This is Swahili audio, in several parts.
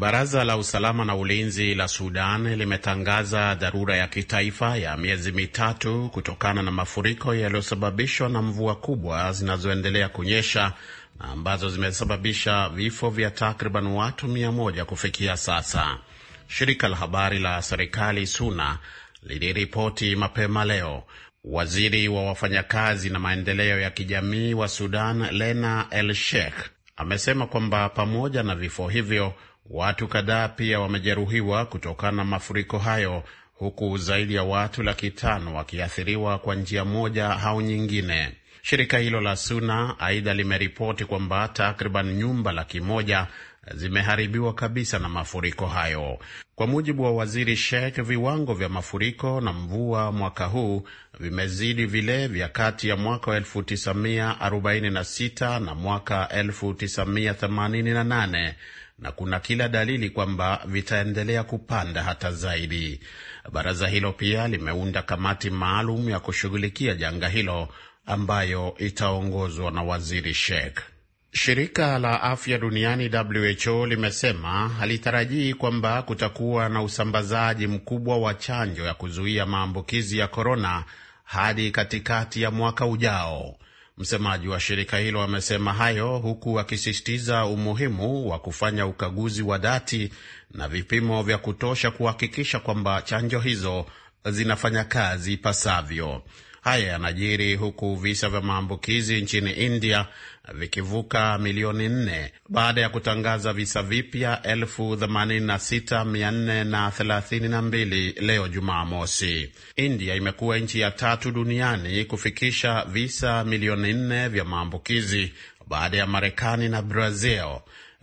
Baraza la usalama na ulinzi la Sudan limetangaza dharura ya kitaifa ya miezi mitatu kutokana na mafuriko yaliyosababishwa na mvua kubwa zinazoendelea kunyesha na ambazo zimesababisha vifo vya takriban watu mia moja kufikia sasa. Shirika la habari la serikali SUNA liliripoti mapema leo. Waziri wa wafanyakazi na maendeleo ya kijamii wa Sudan, Lena El Sheikh, amesema kwamba pamoja na vifo hivyo Watu kadhaa pia wamejeruhiwa kutokana na mafuriko hayo huku zaidi ya watu laki tano wakiathiriwa kwa njia moja au nyingine. Shirika hilo la SUNA aidha limeripoti kwamba takriban nyumba laki moja zimeharibiwa kabisa na mafuriko hayo. Kwa mujibu wa waziri Sheikh, viwango vya mafuriko na mvua mwaka huu vimezidi vile vya kati ya mwaka 1946 na mwaka 1988 na kuna kila dalili kwamba vitaendelea kupanda hata zaidi. Baraza hilo pia limeunda kamati maalum ya kushughulikia janga hilo ambayo itaongozwa na waziri Sheikh. Shirika la afya duniani WHO limesema halitarajii kwamba kutakuwa na usambazaji mkubwa wa chanjo ya kuzuia maambukizi ya korona hadi katikati ya mwaka ujao. Msemaji wa shirika hilo amesema hayo huku akisisitiza umuhimu wa kufanya ukaguzi wa dhati na vipimo vya kutosha kuhakikisha kwamba chanjo hizo zinafanya kazi ipasavyo. Haya yanajiri huku visa vya maambukizi nchini India vikivuka milioni nne baada ya kutangaza visa vipya 86432 leo Jumamosi. India imekuwa nchi ya tatu duniani kufikisha visa milioni nne vya maambukizi baada ya Marekani na Brazil.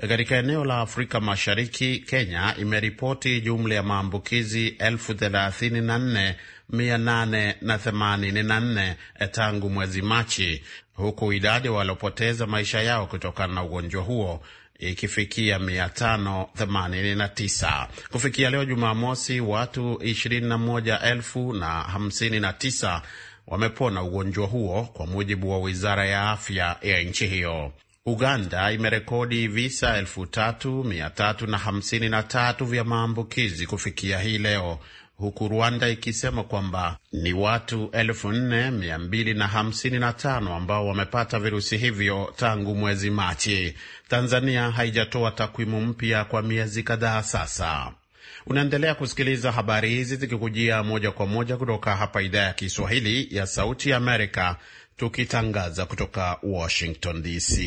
Katika eneo la Afrika Mashariki, Kenya imeripoti jumla ya maambukizi elfu thelathini na nne 884 eh, tangu mwezi Machi, huku idadi waliopoteza maisha yao kutokana na ugonjwa huo ikifikia 589. Kufikia leo Jumamosi, watu 21,059 wamepona ugonjwa huo kwa mujibu wa wizara ya afya ya nchi hiyo. Uganda imerekodi visa 3353 vya maambukizi kufikia hii leo huku Rwanda ikisema kwamba ni watu 4255 ambao wamepata virusi hivyo tangu mwezi Machi. Tanzania haijatoa takwimu mpya kwa miezi kadhaa sasa. Unaendelea kusikiliza habari hizi zikikujia moja kwa moja kutoka hapa idhaa ya Kiswahili ya Sauti ya Amerika, tukitangaza kutoka Washington DC.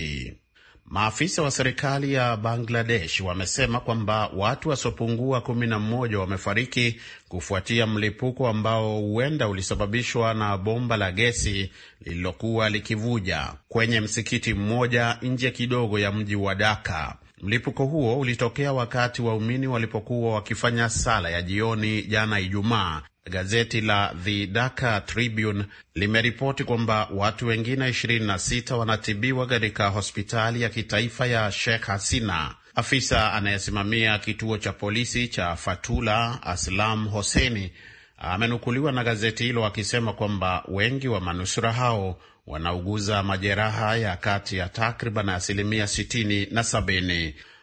Maafisa wa serikali ya Bangladesh wamesema kwamba watu wasiopungua kumi na mmoja wamefariki kufuatia mlipuko ambao huenda ulisababishwa na bomba la gesi lililokuwa likivuja kwenye msikiti mmoja nje kidogo ya mji wa Dhaka. Mlipuko huo ulitokea wakati waumini walipokuwa wakifanya sala ya jioni jana Ijumaa, Gazeti la The Dhaka Tribune limeripoti kwamba watu wengine 26 wanatibiwa katika hospitali ya kitaifa ya Sheikh Hasina. Afisa anayesimamia kituo cha polisi cha Fatula, Aslam Hoseni, amenukuliwa na gazeti hilo akisema kwamba wengi wa manusura hao wanauguza majeraha ya kati ya takriban asilimia 60 na b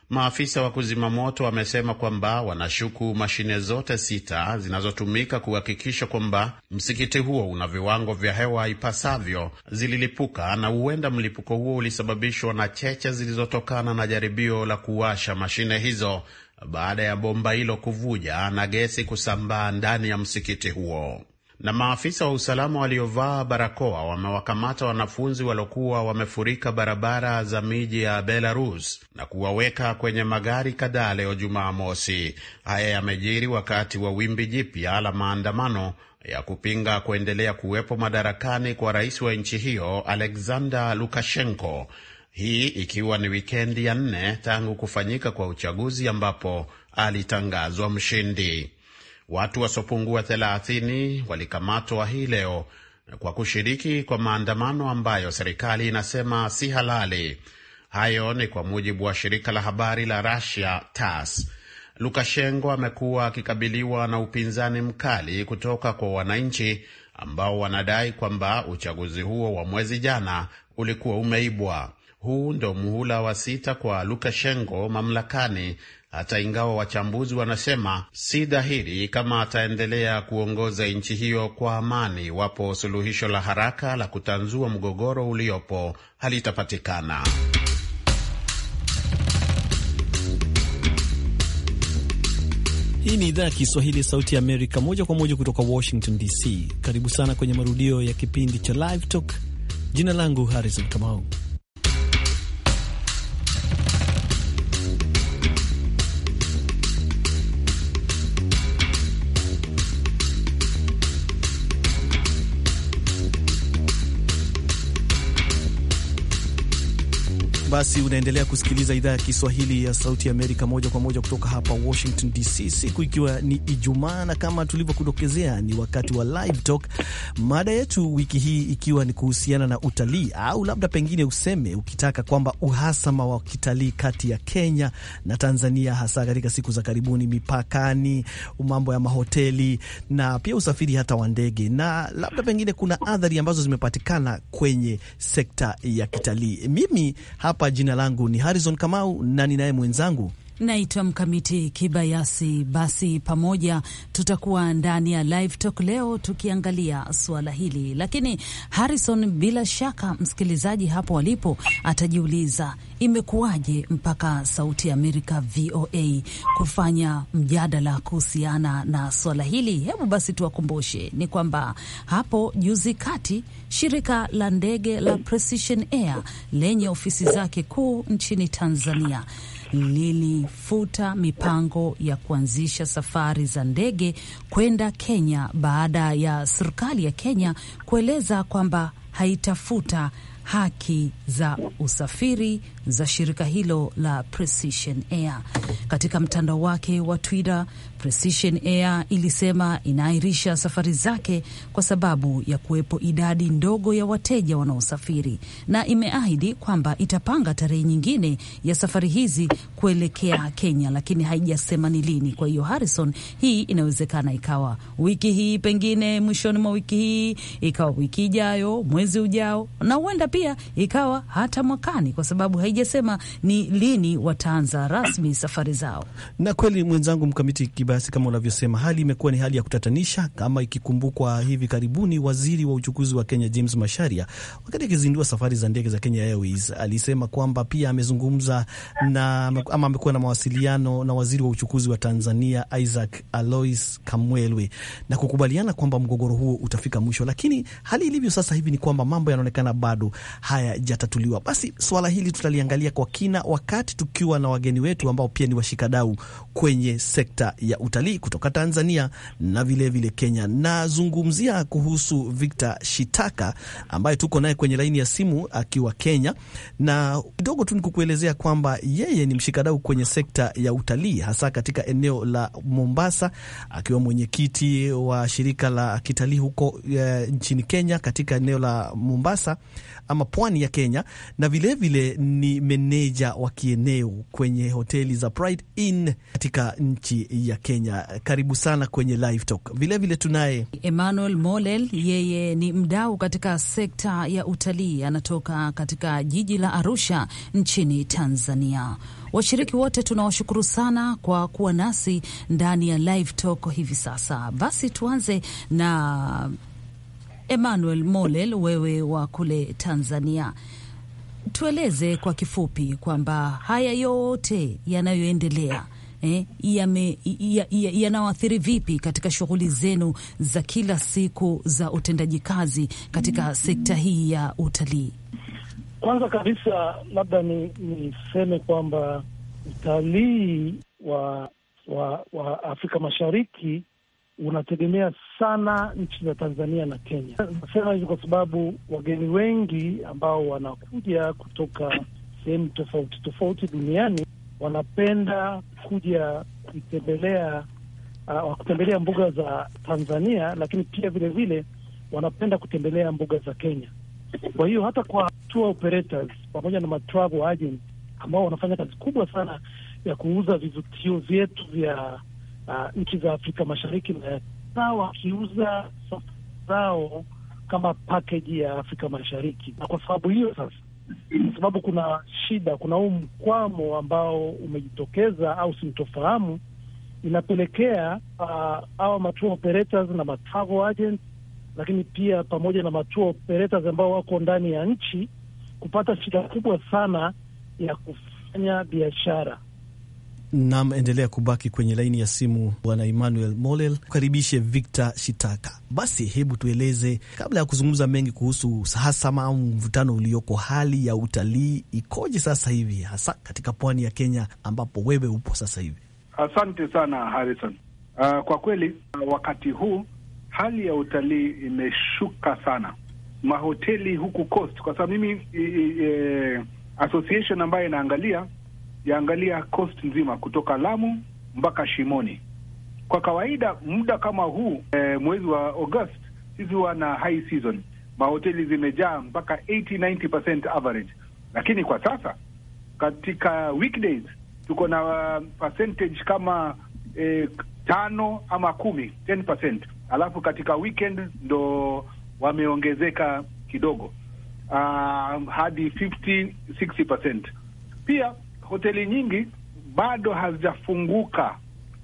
Maafisa wa kuzima moto wamesema kwamba wanashuku mashine zote sita zinazotumika kuhakikisha kwamba msikiti huo una viwango vya hewa ipasavyo zililipuka na huenda mlipuko huo ulisababishwa na cheche zilizotokana na jaribio la kuwasha mashine hizo baada ya bomba hilo kuvuja na gesi kusambaa ndani ya msikiti huo. Na maafisa wa usalama waliovaa barakoa wamewakamata wanafunzi waliokuwa wamefurika barabara za miji ya Belarus na kuwaweka kwenye magari kadhaa leo Jumamosi. Haya yamejiri wakati wa wimbi jipya la maandamano ya kupinga kuendelea kuwepo madarakani kwa rais wa nchi hiyo Alexander Lukashenko, hii ikiwa ni wikendi ya nne tangu kufanyika kwa uchaguzi ambapo alitangazwa mshindi. Watu wasiopungua 30 walikamatwa hii leo kwa kushiriki kwa maandamano ambayo serikali inasema si halali. Hayo ni kwa mujibu wa shirika la habari la Russia TASS. Lukashenko amekuwa akikabiliwa na upinzani mkali kutoka kwa wananchi ambao wanadai kwamba uchaguzi huo wa mwezi jana ulikuwa umeibwa. Huu ndo muhula wa sita kwa Lukashenko mamlakani hata ingawa wachambuzi wanasema si dhahiri kama ataendelea kuongoza nchi hiyo kwa amani iwapo suluhisho la haraka la kutanzua mgogoro uliopo halitapatikana. Hii ni idhaa ya Kiswahili ya Sauti ya Amerika, moja kwa moja kutoka Washington DC. Karibu sana kwenye marudio ya kipindi cha Live Talk. Jina langu Harrison Kamau. basi unaendelea kusikiliza idhaa ya Kiswahili ya Sauti ya Amerika moja kwa moja kutoka hapa Washington DC, siku ikiwa ni Ijumaa, na kama tulivyokudokezea ni wakati wa Live Talk, mada yetu wiki hii ikiwa ni kuhusiana na utalii, au labda pengine useme ukitaka kwamba uhasama wa kitalii kati ya Kenya na Tanzania, hasa katika siku za karibuni, mipakani, mambo ya mahoteli na pia usafiri hata wa ndege, na labda pengine kuna athari ambazo zimepatikana kwenye sekta ya kitalii. Mimi hapa hapa jina langu ni Harrison Kamau na ninaye mwenzangu Naitwa Mkamiti Kibayasi. Basi pamoja tutakuwa ndani ya Live Talk leo tukiangalia suala hili, lakini Harrison, bila shaka msikilizaji hapo alipo atajiuliza imekuwaje mpaka Sauti ya Amerika VOA kufanya mjadala kuhusiana na suala hili. Hebu basi tuwakumbushe ni kwamba hapo juzi kati shirika la ndege la Precision Air lenye ofisi zake kuu nchini Tanzania lilifuta mipango ya kuanzisha safari za ndege kwenda Kenya baada ya serikali ya Kenya kueleza kwamba haitafuta haki za usafiri za shirika hilo la Precision Air. Katika mtandao wake wa Twitter, Precision Air ilisema inaahirisha safari zake kwa sababu ya kuwepo idadi ndogo ya wateja wanaosafiri na imeahidi kwamba itapanga tarehe nyingine ya safari hizi kuelekea Kenya, lakini haijasema ni lini. Kwa hiyo Harrison, hii inawezekana ikawa wiki hii, pengine mwishoni mwa wiki hii, ikawa wiki ijayo, mwezi ujao, na huenda pia ikawa hata mwakani, kwa sababu haijasema ni lini wataanza rasmi safari zao. Na kweli mwenzangu mkamiti basi, kama unavyosema, hali imekuwa ni hali ya kutatanisha, kama ikikumbukwa hivi karibuni waziri wa uchukuzi wa Kenya James Masharia, wakati akizindua safari za ndege za Kenya Airways, alisema kwamba pia amezungumza na ama amekuwa na mawasiliano na waziri wa uchukuzi wa Tanzania Isaac Alois Kamwelwe na kukubaliana kwamba mgogoro huo utafika mwisho, lakini hali ilivyo sasa hivi ni kwamba mambo yanaonekana bado hayajatatuliwa. Basi swala hili tutaliangalia kwa kina wakati tukiwa na wageni wetu ambao pia ni washikadau kwenye sekta ya ya utalii kutoka Tanzania na vilevile vile Kenya. Nazungumzia kuhusu Victor Shitaka ambaye tuko naye kwenye laini ya simu akiwa Kenya, na kidogo tu nikukuelezea kwamba yeye ni mshikadau kwenye sekta ya utalii hasa katika eneo la Mombasa, akiwa mwenyekiti wa shirika la kitalii huko e, nchini Kenya katika eneo la Mombasa ama pwani ya Kenya, na vilevile vile ni meneja wa kieneo kwenye hoteli za Pride Inn katika nchi ya Kenya. Karibu sana kwenye Live Talk. Vilevile tunaye Emmanuel Molel, yeye ni mdau katika sekta ya utalii, anatoka katika jiji la Arusha nchini Tanzania. Washiriki wote tunawashukuru sana kwa kuwa nasi ndani ya Live Talk hivi sasa. Basi tuanze na Emmanuel Molel, wewe wa kule Tanzania, tueleze kwa kifupi kwamba haya yote yanayoendelea eh, yanawaathiri ya, ya vipi katika shughuli zenu za kila siku za utendaji kazi katika sekta hii ya utalii? Kwanza kabisa labda niseme ni kwamba utalii wa, wa, wa Afrika Mashariki unategemea sana nchi za Tanzania na Kenya. Nasema hivi kwa sababu wageni wengi ambao wanakuja kutoka sehemu tofauti tofauti duniani wanapenda kuja kuitembelea uh, kutembelea mbuga za Tanzania, lakini pia vile vile wanapenda kutembelea mbuga za Kenya. Kwa hiyo hata kwa tour operators pamoja na travel ambao wanafanya kazi kubwa sana ya kuuza vivutio vyetu vya uh, nchi za Afrika Mashariki na hasa wakiuza sofa zao kama pakeji ya Afrika Mashariki, na kwa sababu hiyo sasa kwa sababu kuna shida, kuna huu mkwamo ambao umejitokeza au simtofahamu inapelekea uh, hawa uh, matour operators na matravel agents, lakini pia pamoja na matua operators ambao wako ndani ya nchi kupata shida kubwa sana ya kufanya biashara. Nam, endelea kubaki kwenye laini ya simu Bwana Emmanuel Molel, ukaribishe Victor Shitaka. Basi hebu tueleze, kabla ya kuzungumza mengi kuhusu uhasama au mvutano ulioko, hali ya utalii ikoje sasa hivi, hasa katika pwani ya Kenya ambapo wewe upo sasa hivi? Asante sana Harrison. Uh, kwa kweli ah, wakati huu hali ya utalii imeshuka sana, mahoteli huku coast, kwa sababu mimi e, association ambayo inaangalia yaangalia coast nzima kutoka Lamu mpaka Shimoni. Kwa kawaida muda kama huu e, mwezi wa August sisi huwa na high season, mahoteli zimejaa mpaka 80 90% average, lakini kwa sasa katika weekdays tuko na uh, percentage kama e, tano ama kumi 10%, alafu katika weekend ndo wameongezeka kidogo uh, hadi 50 60%. Pia hoteli nyingi bado hazijafunguka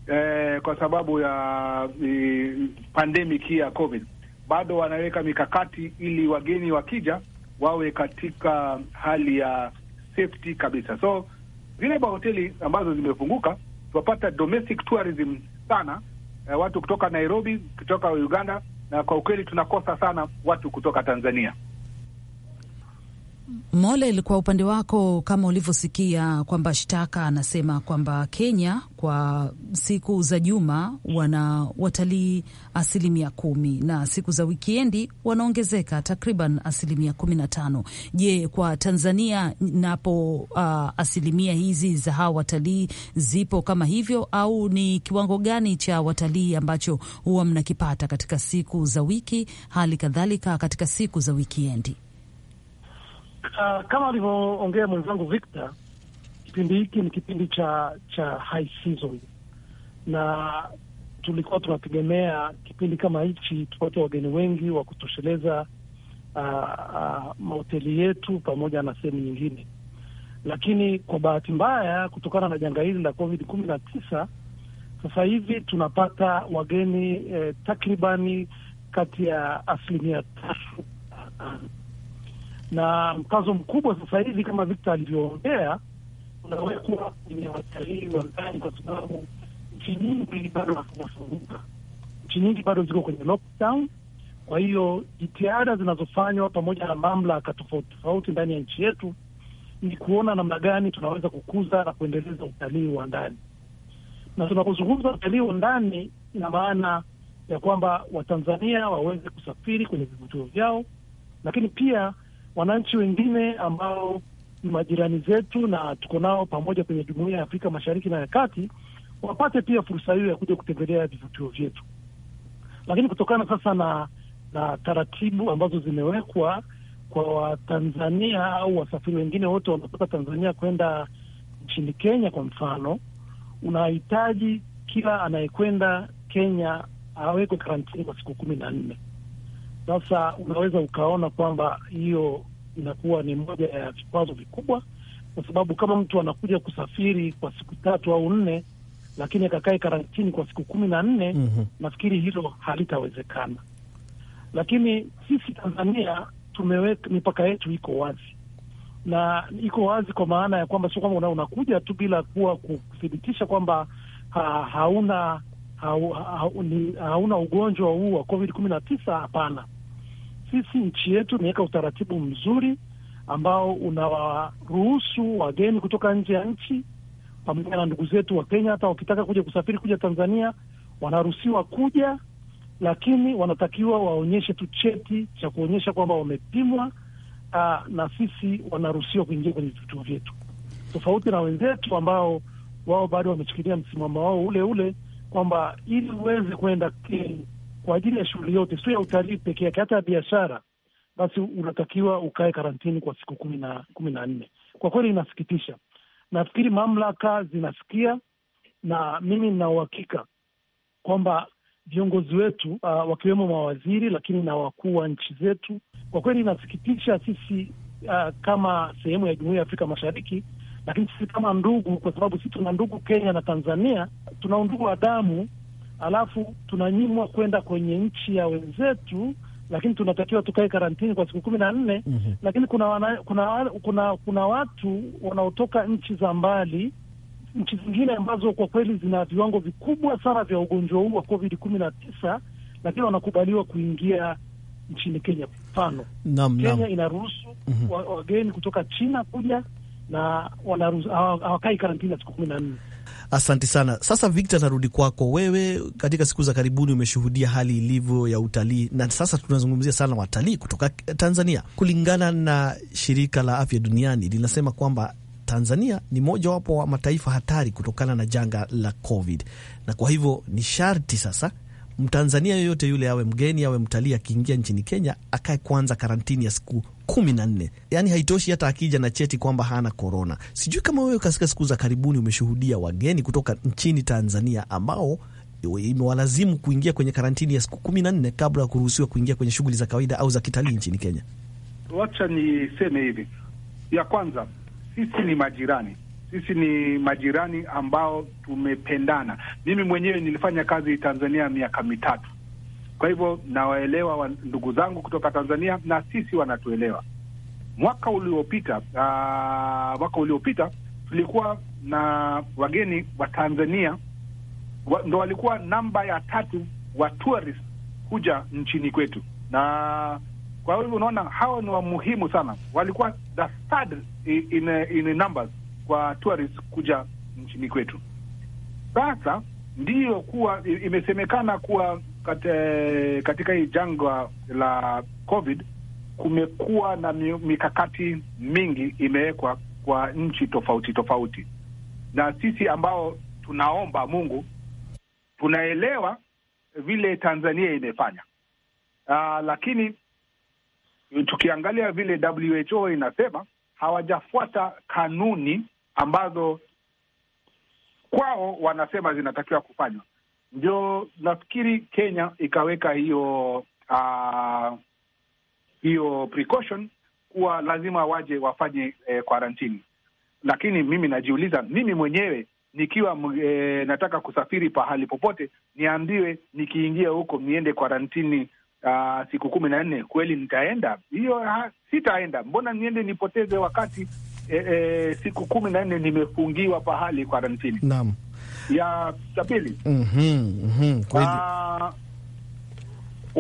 eh, kwa sababu ya eh, pandemic hii ya COVID. Bado wanaweka mikakati ili wageni wakija wawe katika hali ya safety kabisa. So zile mahoteli ambazo zimefunguka tunapata domestic tourism sana, eh, watu kutoka Nairobi, kutoka Uganda, na kwa ukweli tunakosa sana watu kutoka Tanzania. Mole, kwa upande wako, kama ulivyosikia kwamba shtaka anasema kwamba Kenya kwa siku za juma wana watalii asilimia kumi na siku za wikiendi wanaongezeka takriban asilimia kumi na tano. Je, kwa Tanzania napo uh, asilimia hizi za hawa watalii zipo kama hivyo, au ni kiwango gani cha watalii ambacho huwa mnakipata katika siku za wiki, hali kadhalika katika siku za wikiendi? Uh, kama alivyoongea mwenzangu Victor, kipindi hiki ni kipindi cha cha high season, na tulikuwa tunategemea kipindi kama hichi tupate wageni wengi wa kutosheleza uh, uh, mahoteli yetu pamoja na sehemu nyingine, lakini kwa bahati mbaya, kutokana na janga hili la COVID kumi na tisa, sasa hivi tunapata wageni eh, takribani kati ya asilimia tatu na mkazo mkubwa sasa hivi kama Victor alivyoongea unawekwa kwenye watalii wa ndani, kwa sababu nchi nyingi bado hazijafunguka, nchi nyingi bado ziko kwenye lockdown. Kwa hiyo jitihada zinazofanywa pamoja na mamlaka tofauti tofauti ndani ya nchi yetu ni kuona namna gani tunaweza kukuza na kuendeleza utalii wa ndani, na tunapozungumza utalii wa ndani, ina maana ya kwamba Watanzania waweze kusafiri kwenye vivutio vyao, lakini pia wananchi wengine ambao ni majirani zetu na tuko nao pamoja kwenye jumuiya ya Afrika Mashariki na ya Kati wapate pia fursa hiyo ya kuja kutembelea vivutio vyetu. Lakini kutokana sasa na na taratibu ambazo zimewekwa kwa Watanzania au wasafiri wengine wote wanaotoka Tanzania kwenda nchini Kenya, kwa mfano, unahitaji kila anayekwenda Kenya awekwe karantini kwa siku kumi na nne. Sasa unaweza ukaona kwamba hiyo inakuwa ni moja ya vikwazo vikubwa, kwa sababu kama mtu anakuja kusafiri kwa siku tatu au nne, lakini akakae karantini kwa siku kumi na nne mm -hmm. nafikiri hilo halitawezekana. Lakini sisi Tanzania tumeweka mipaka yetu iko wazi na iko wazi kwa maana ya kwamba sio kwamba una, unakuja tu bila kuwa kuthibitisha kwamba ha, hauna ha, ha, hauna ugonjwa huu wa COVID kumi na tisa. Hapana, sisi nchi yetu imeweka utaratibu mzuri ambao unawaruhusu wageni kutoka nje ya nchi pamoja na ndugu zetu wa Kenya, hata wakitaka kuja kusafiri kuja Tanzania wanaruhusiwa kuja, lakini wanatakiwa waonyeshe tu cheti cha kuonyesha kwamba wamepimwa, ah, na sisi wanaruhusiwa kuingia kwenye vituo vyetu, tofauti na wenzetu ambao wao bado wamechukulia msimamo wao ule ule kwamba ili uweze kwenda kwa ajili ya shughuli yote, sio ya utalii peke yake, hata ya biashara, basi unatakiwa ukae karantini kwa siku kumi na kumi na nne. Kwa kweli inasikitisha. Nafikiri mamlaka zinasikia, na mimi nina uhakika kwamba viongozi wetu uh, wakiwemo mawaziri, lakini na wakuu wa nchi zetu, kwa kweli inasikitisha sisi uh, kama sehemu ya jumuiya ya Afrika Mashariki, lakini sisi kama ndugu, kwa sababu sisi tuna ndugu Kenya na Tanzania, tuna undugu wa damu alafu tunanyimwa kwenda kwenye nchi ya wenzetu, lakini tunatakiwa tukae karantini kwa siku kumi na nne. mm -hmm. Lakini kuna, wana, kuna, kuna, kuna watu wanaotoka nchi za mbali, nchi zingine ambazo kwa kweli zina viwango vikubwa sana vya ugonjwa huu wa COVID kumi na tisa, lakini wanakubaliwa kuingia nchini Kenya. Mfano, Kenya inaruhusu mm -hmm. wageni kutoka China kuja na hawakai karantini ya siku kumi na nne. Asante sana. Sasa Victor, narudi kwako wewe. Katika siku za karibuni umeshuhudia hali ilivyo ya utalii, na sasa tunazungumzia sana watalii kutoka Tanzania. Kulingana na shirika la afya duniani linasema kwamba Tanzania ni mojawapo wa mataifa hatari kutokana na janga la COVID, na kwa hivyo ni sharti sasa Mtanzania yoyote yule awe mgeni awe mtalii akiingia nchini Kenya akae kwanza karantini ya siku kumi na nne. Yani haitoshi hata akija na cheti kwamba hana korona. Sijui kama wewe katika siku za karibuni umeshuhudia wageni kutoka nchini Tanzania ambao imewalazimu kuingia kwenye karantini ya siku kumi na nne kabla ya kuruhusiwa kuingia kwenye shughuli za kawaida au za kitalii nchini Kenya. Wacha niseme hivi, ya kwanza, sisi ni majirani, sisi ni majirani ambao tumependana. Mimi mwenyewe nilifanya kazi Tanzania miaka mitatu kwa hivyo nawaelewa ndugu zangu kutoka Tanzania na sisi wanatuelewa. Mwaka uliopita uh, mwaka uliopita tulikuwa na wageni wa Tanzania wa, ndo walikuwa namba ya tatu wa tourist kuja nchini kwetu, na kwa hivyo unaona hawa ni wamuhimu sana, walikuwa the third in, in numbers kwa tourist kuja nchini kwetu. Sasa ndiyo kuwa imesemekana kuwa eh, katika hii jangwa la COVID kumekuwa na mikakati mingi imewekwa kwa nchi tofauti tofauti, na sisi ambao tunaomba Mungu tunaelewa vile Tanzania imefanya. Aa, ah, lakini tukiangalia vile WHO inasema hawajafuata kanuni ambazo kwao wanasema zinatakiwa kufanywa ndio nafikiri Kenya ikaweka hiyo uh, hiyo precaution kuwa lazima waje wafanye eh, eh, lakini mimi najiuliza mimi mwenyewe nikiwa eh, nataka kusafiri pahali popote, niambiwe nikiingia huko niende karantini uh, ah, siku kumi na nne, kweli nitaenda hiyo? Sitaenda. Mbona niende nipoteze wakati e, e, siku kumi na nne nimefungiwa pahali karantini. Naam, ya sabili pili mm -hmm, mm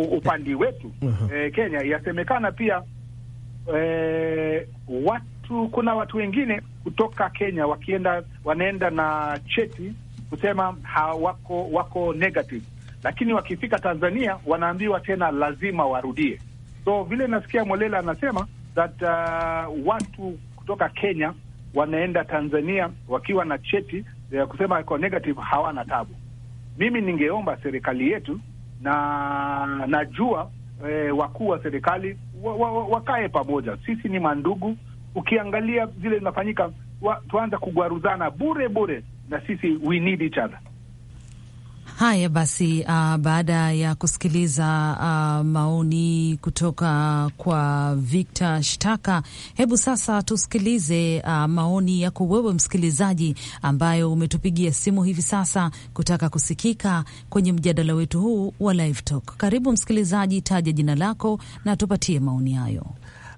-hmm, upande wetu uh-huh. E, Kenya yasemekana pia e, watu kuna watu wengine kutoka Kenya wakienda wanaenda na cheti kusema hawako wako negative, lakini wakifika Tanzania wanaambiwa tena lazima warudie. So vile nasikia molela anasema that uh, watu kutoka Kenya wanaenda Tanzania wakiwa na cheti ya kusema iko negative, hawana tabu. Mimi ningeomba serikali yetu na najua e, wakuu wa serikali wa, wa, wa, wakae pamoja, sisi ni mandugu. Ukiangalia zile zinafanyika, tuanza kugwaruzana bure bure, na sisi we need each other. Haya basi, uh, baada ya kusikiliza uh, maoni kutoka kwa Victor Shtaka, hebu sasa tusikilize uh, maoni yako wewe msikilizaji, ambayo umetupigia simu hivi sasa kutaka kusikika kwenye mjadala wetu huu wa Live Talk. Karibu msikilizaji, taja jina lako na tupatie maoni hayo.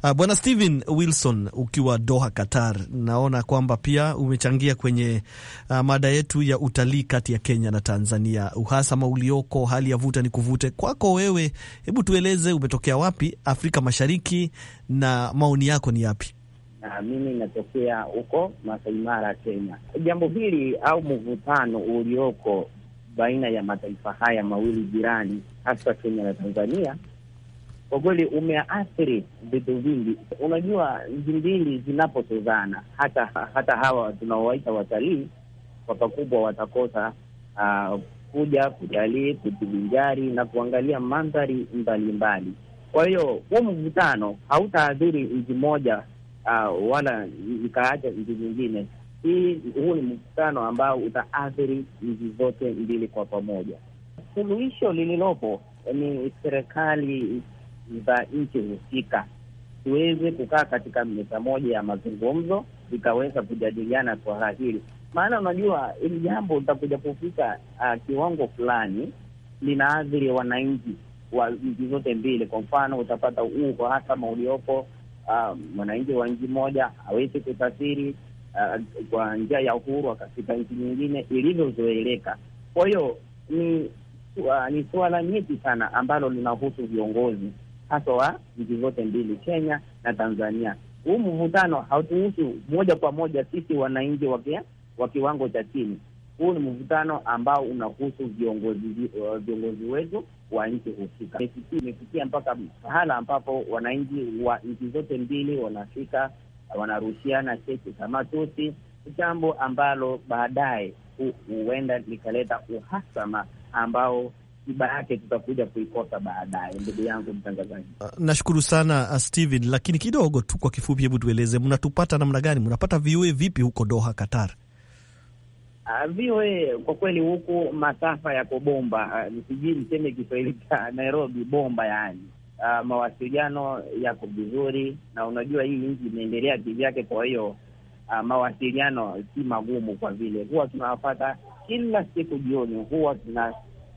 Uh, Bwana Steven Wilson ukiwa Doha, Qatar, naona kwamba pia umechangia kwenye uh, mada yetu ya utalii kati ya Kenya na Tanzania, uhasama ulioko, hali ya vuta ni kuvute. Kwako wewe, hebu tueleze umetokea wapi Afrika Mashariki na maoni yako ni yapi? Na mimi natokea huko Masai Mara, Kenya. Jambo hili au mvutano ulioko baina ya mataifa haya mawili jirani, hasa Kenya na Tanzania kwa kweli umeathiri vitu vingi. Unajua, nchi mbili zinapotozana, hata hata hawa tunaowaita watalii kwa pakubwa watakosa uh, kuja kutalii, kujivinjari na kuangalia mandhari mbalimbali. Kwa hiyo huu mvutano hautaathiri nchi moja uh, wala ikaacha nchi zingine. Hii huu ni mvutano ambao utaathiri nchi zote mbili kwa pamoja. Suluhisho lililopo ni serikali za nchi husika tuweze kukaa katika meza moja ya mazungumzo, ikaweza kujadiliana swala hili. Maana unajua hili jambo litakuja kufika uh, kiwango fulani linaathiri wananchi wa nchi zote mbili. Kwa mfano, utapata huu uhasama uliopo, uh, ah, mwananchi wa nchi moja hawezi kusafiri uh, ah, kwa njia ya uhuru katika nchi nyingine ilivyozoeleka. Kwa hiyo ni, uh, ni suala nyeti sana ambalo linahusu viongozi haswa wa nchi zote mbili, Kenya na Tanzania. Huu mvutano hautuhusu moja kwa moja sisi wananchi wa kiwango cha chini. Huu ni mvutano ambao unahusu viongozi uh, viongozi wetu wa nchi husika. Imefikia mpaka pahala ambapo wananchi wa nchi zote mbili wanafika wanarushiana cheki kama tusi, jambo ambalo baadaye huenda likaleta uhasama ambao tiba yake tutakuja kuikosa baadaye, ndugu yangu mtangazaji. Uh, nashukuru sana uh, Steven, lakini kidogo tu kwa kifupi, hebu tueleze mnatupata namna gani? Mnapata VOA vipi huko Doha, Qatar? Uh, ah, VOA kwa kweli huku masafa yako bomba, uh, sijui niseme Kiswahili cha Nairobi bomba, yani uh, mawasiliano yako vizuri, na unajua hii nchi imeendelea kivyake, kwa hiyo Uh, mawasiliano si magumu kwa vile huwa tunawapata kila siku jioni, huwa tuna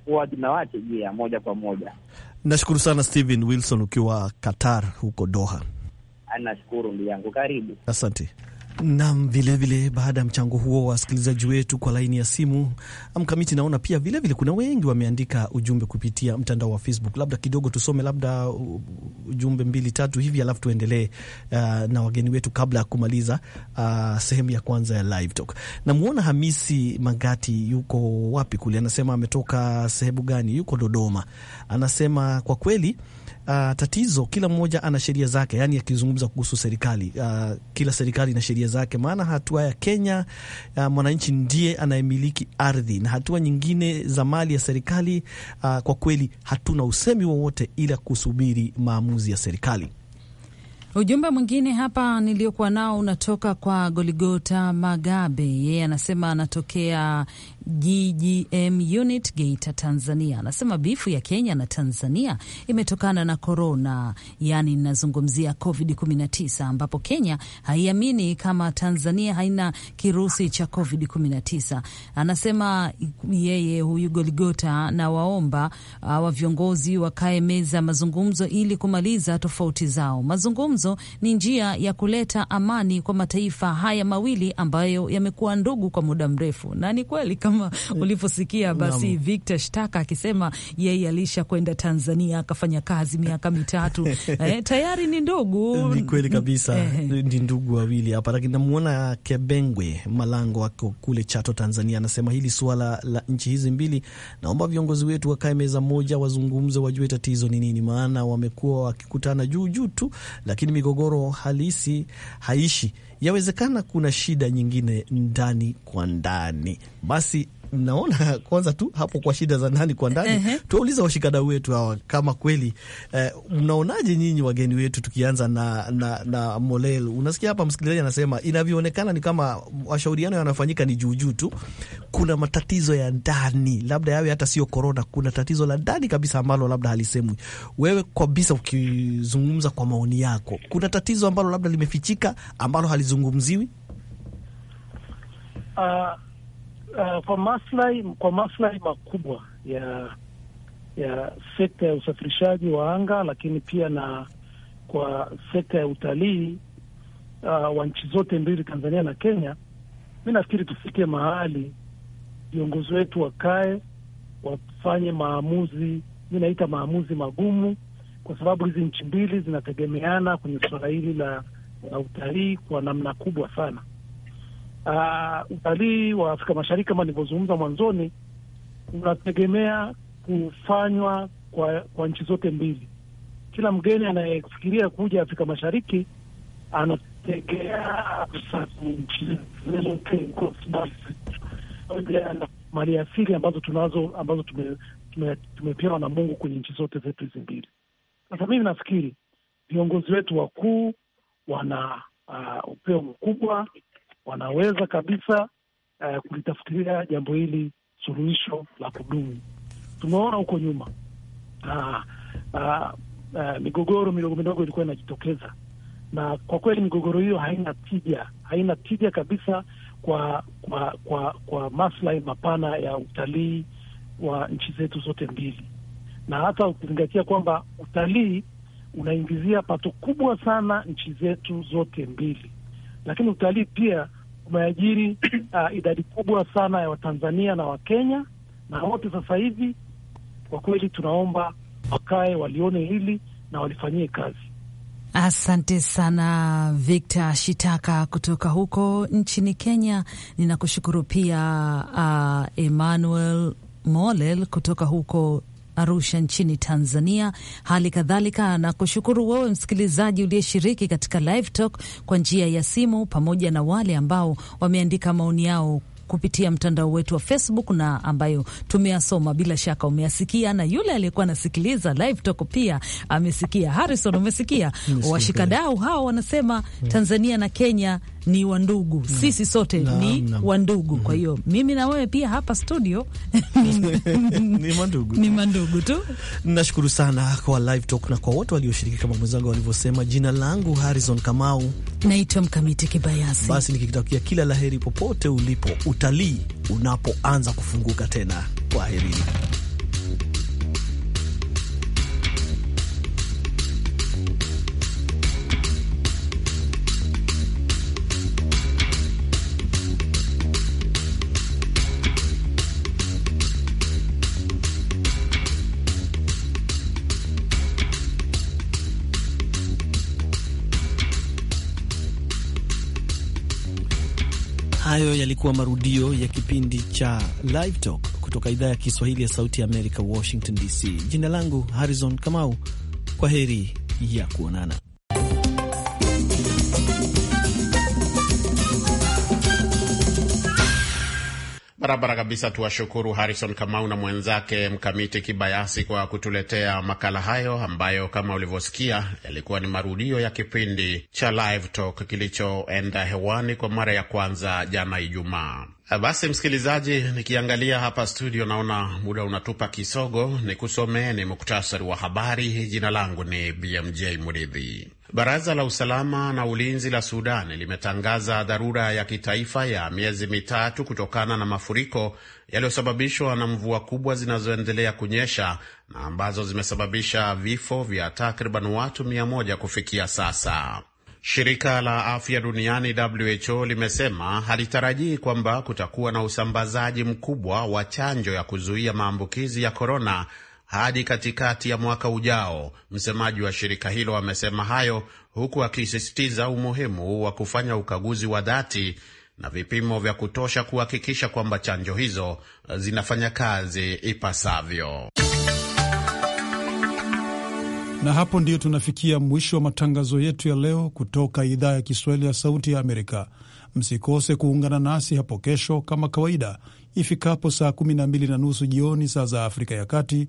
kuwa na wache je yeah, moja kwa moja. Nashukuru sana Steven Wilson ukiwa Qatar huko Doha. Nashukuru ndugu yangu, karibu. Asante. Nam, vilevile baada ya mchango huo wa wasikilizaji wetu kwa laini ya simu Mkamiti, naona pia vilevile vile kuna wengi wameandika ujumbe kupitia mtandao wa Facebook. Labda kidogo tusome labda ujumbe mbili tatu hivi, alafu tuendelee uh, na wageni wetu kabla ya kumaliza uh, sehemu ya kwanza ya live talk. Namwona Hamisi Magati, yuko wapi kule? Anasema ametoka sehemu gani? Yuko Dodoma. Anasema kwa kweli Uh, tatizo kila mmoja ana sheria zake, yani akizungumza ya kuhusu serikali uh, kila serikali na sheria zake. Maana hatua ya Kenya uh, mwananchi ndiye anayemiliki ardhi na hatua nyingine za mali ya serikali uh, kwa kweli hatuna usemi wowote ila kusubiri maamuzi ya serikali. Ujumbe mwingine hapa niliyokuwa nao unatoka kwa Goligota Magabe, yeye anasema anatokea GGM unit Geita, Tanzania. Anasema bifu ya Kenya na Tanzania imetokana na korona, yaani inazungumzia Covid 19, ambapo Kenya haiamini kama Tanzania haina kirusi cha Covid 19. Anasema yeye huyu Goligota, na waomba uh, viongozi wakae meza mazungumzo ili kumaliza tofauti zao mazungumzo mazungumzo ni njia ya kuleta amani kwa mataifa haya mawili ambayo yamekuwa ndugu kwa muda mrefu. Na ni kweli kama ulivyosikia basi Victor Shtaka akisema yeye alisha kwenda Tanzania akafanya kazi miaka mitatu eh, tayari ni ndugu. Ni kweli kabisa eh, eh. ni ndugu wawili hapa, lakini namuona Kebengwe Malango ako kule Chato, Tanzania, anasema hili suala la nchi hizi mbili, naomba viongozi wetu wakae meza moja, wazungumze, wajue tatizo ni nini, maana wamekuwa wakikutana juu juu tu, lakini lakini migogoro halisi haishi. Yawezekana kuna shida nyingine ndani kwa ndani. Basi naona kwanza tu hapo kwa shida za ndani kwa ndani, uh -huh. Tuwauliza washikadau wetu hawa kama kweli eh, mnaonaje nyinyi wageni wetu, tukianza na, na, na Molel. Unasikia hapa msikilizaji anasema inavyoonekana ni kama washauriano yanayofanyika ni juujuu tu. Kuna matatizo ya ndani, labda yawe hata sio korona, kuna tatizo la ndani kabisa ambalo labda halisemwi. Wewe kabisa ukizungumza kwa maoni yako, kuna tatizo ambalo labda limefichika ambalo halizungumziwi uh kwa uh, maslahi kwa maslahi makubwa ya ya sekta ya usafirishaji wa anga, lakini pia na kwa sekta ya utalii uh, wa nchi zote mbili, Tanzania na Kenya. Mi nafikiri tufike mahali viongozi wetu wakae wafanye maamuzi, mi naita maamuzi magumu, kwa sababu hizi nchi mbili zinategemeana kwenye suala hili la, la utalii kwa namna kubwa sana uh, utalii wa Afrika Mashariki kama nilivyozungumza mwanzoni unategemea kufanywa kwa, kwa nchi zote mbili. Kila mgeni anayefikiria kuja Afrika Mashariki anategea mali asili ambazo tunazo ambazo tumepewa tume, tume na Mungu kwenye nchi zote zetu hizi mbili. Sasa mimi nafikiri viongozi wetu wakuu wana uh, upeo mkubwa wanaweza kabisa uh, kulitafutilia jambo hili suluhisho la kudumu. Tumeona huko nyuma uh, uh, uh, migogoro midogo midogo ilikuwa inajitokeza, na kwa kweli migogoro hiyo haina tija, haina tija kabisa kwa kwa kwa, kwa maslahi mapana ya utalii wa nchi zetu zote mbili, na hata ukizingatia kwamba utalii unaingizia pato kubwa sana nchi zetu zote mbili, lakini utalii pia umeajiri uh, idadi kubwa sana ya Watanzania na Wakenya na wote sasa hivi kwa kweli tunaomba wakae walione hili na walifanyie kazi. Asante sana Victor Shitaka kutoka huko nchini Kenya. Ninakushukuru pia uh, Emmanuel Molel kutoka huko Arusha nchini Tanzania. Hali kadhalika na kushukuru wewe msikilizaji uliyeshiriki katika live talk kwa njia ya simu, pamoja na wale ambao wameandika maoni yao kupitia mtandao wetu wa Facebook na ambayo tumeyasoma. Bila shaka umeyasikia, na yule aliyekuwa anasikiliza live talk pia amesikia. Harrison, umesikia? washikadau hao wanasema Tanzania na Kenya ni wandugu na, sisi sote na, ni na, wandugu Kwa hiyo mm-hmm. mimi na wewe pia hapa studio ni mandugu, ni mandugu tu. Nashukuru sana kwa live talk na kwa wote walioshiriki, kama mwenzangu walivyosema. Jina langu Harrison Kamau, naitwa Mkamiti Kibayasi. Basi nikikutakia kila laheri popote ulipo, utalii unapoanza kufunguka tena. kwa herini Hayo yalikuwa marudio ya kipindi cha Live Talk kutoka idhaa ya Kiswahili ya Sauti ya Amerika, Washington DC. Jina langu Harrison Kamau, kwa heri ya kuonana. Barabara kabisa. Tuwashukuru Harrison Kamau na mwenzake Mkamiti Kibayasi kwa kutuletea makala hayo ambayo kama ulivyosikia yalikuwa ni marudio ya kipindi cha Live Talk kilichoenda hewani kwa mara ya kwanza jana Ijumaa. Basi msikilizaji, nikiangalia hapa studio naona muda unatupa kisogo, kusomee ni muktasari wa habari. Jina langu ni BMJ Muridhi. Baraza la usalama na ulinzi la Sudan limetangaza dharura ya kitaifa ya miezi mitatu kutokana na mafuriko yaliyosababishwa na mvua kubwa zinazoendelea kunyesha na ambazo zimesababisha vifo vya takriban watu mia moja kufikia sasa. Shirika la afya duniani WHO limesema halitarajii kwamba kutakuwa na usambazaji mkubwa wa chanjo ya kuzuia maambukizi ya korona hadi katikati ya mwaka ujao. Msemaji wa shirika hilo amesema hayo huku akisisitiza umuhimu wa kufanya ukaguzi wa dhati na vipimo vya kutosha kuhakikisha kwamba chanjo hizo zinafanya kazi ipasavyo. Na hapo ndiyo tunafikia mwisho wa matangazo yetu ya leo kutoka idhaa ya Kiswahili ya Sauti ya Amerika. Msikose kuungana nasi hapo kesho kama kawaida ifikapo saa 12 na nusu jioni saa za Afrika ya Kati